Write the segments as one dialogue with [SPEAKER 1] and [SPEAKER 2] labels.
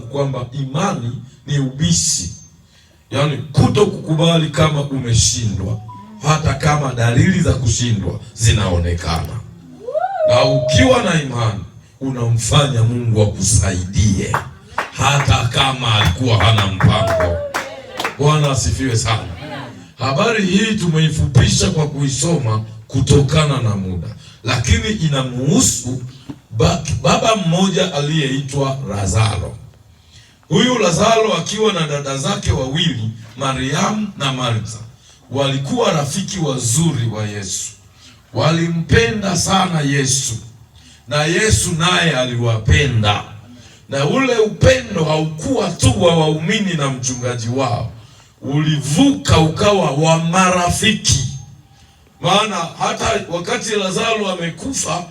[SPEAKER 1] kwamba imani ni ubisi, yaani kuto kukubali kama umeshindwa, hata kama dalili za kushindwa zinaonekana. Na ukiwa na imani unamfanya Mungu akusaidie hata kama alikuwa hana mpango. Bwana asifiwe sana. Habari hii tumeifupisha kwa kuisoma kutokana na muda, lakini inamuhusu baba mmoja aliyeitwa Lazaro. Huyu Lazaro akiwa na dada zake wawili Mariamu na Martha walikuwa rafiki wazuri wa Yesu, walimpenda sana Yesu na Yesu naye aliwapenda, na ule upendo haukuwa tu wa waumini na mchungaji wao, ulivuka ukawa wa marafiki. Maana hata wakati Lazaro amekufa,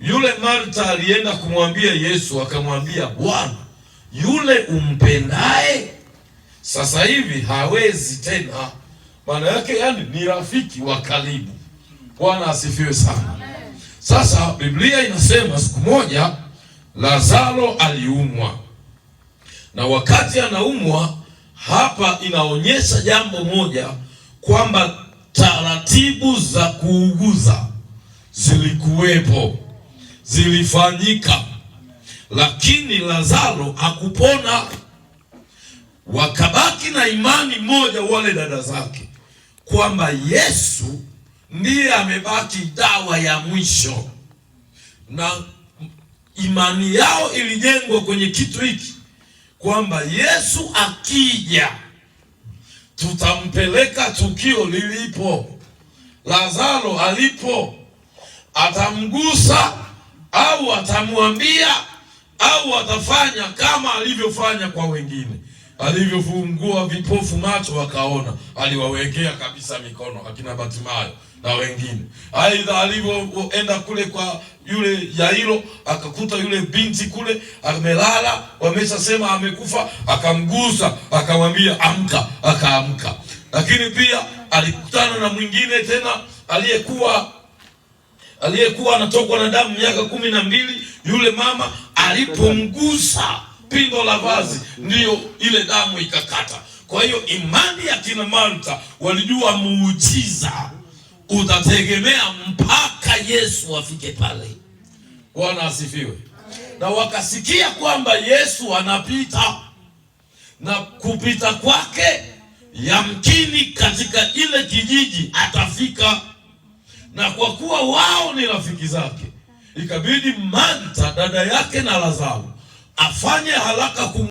[SPEAKER 1] yule Martha alienda kumwambia Yesu, akamwambia Bwana yule umpendaye sasa hivi hawezi tena. Maana yake yani ni rafiki wa karibu. Bwana asifiwe sana. Sasa Biblia inasema siku moja Lazaro aliumwa, na wakati anaumwa, hapa inaonyesha jambo moja kwamba taratibu za kuuguza zilikuwepo, zilifanyika lakini Lazaro hakupona. Wakabaki na imani moja wale dada zake kwamba Yesu ndiye amebaki dawa ya mwisho, na imani yao ilijengwa kwenye kitu hiki kwamba Yesu akija tutampeleka tukio lilipo, Lazaro alipo, atamgusa au atamwambia sababu watafanya kama alivyofanya kwa wengine, alivyofungua vipofu macho wakaona, aliwawekea kabisa mikono akina Batimayo na wengine. Aidha, alivyoenda kule kwa yule Yairo akakuta yule binti kule amelala, wameshasema amekufa, akamgusa akamwambia amka, akaamka. Lakini pia alikutana na mwingine tena aliyekuwa aliyekuwa anatokwa na damu miaka kumi na mbili yule mama alipomgusa pindo la vazi, ndiyo ile damu ikakata. Kwa hiyo imani ya kina Martha walijua muujiza utategemea mpaka Yesu afike pale. Bwana asifiwe. Na wakasikia kwamba Yesu anapita na kupita kwake yamkini katika ile kijiji atafika, na kwa kuwa wao ni rafiki zake ikabidi Manta dada yake na Lazaro afanye haraka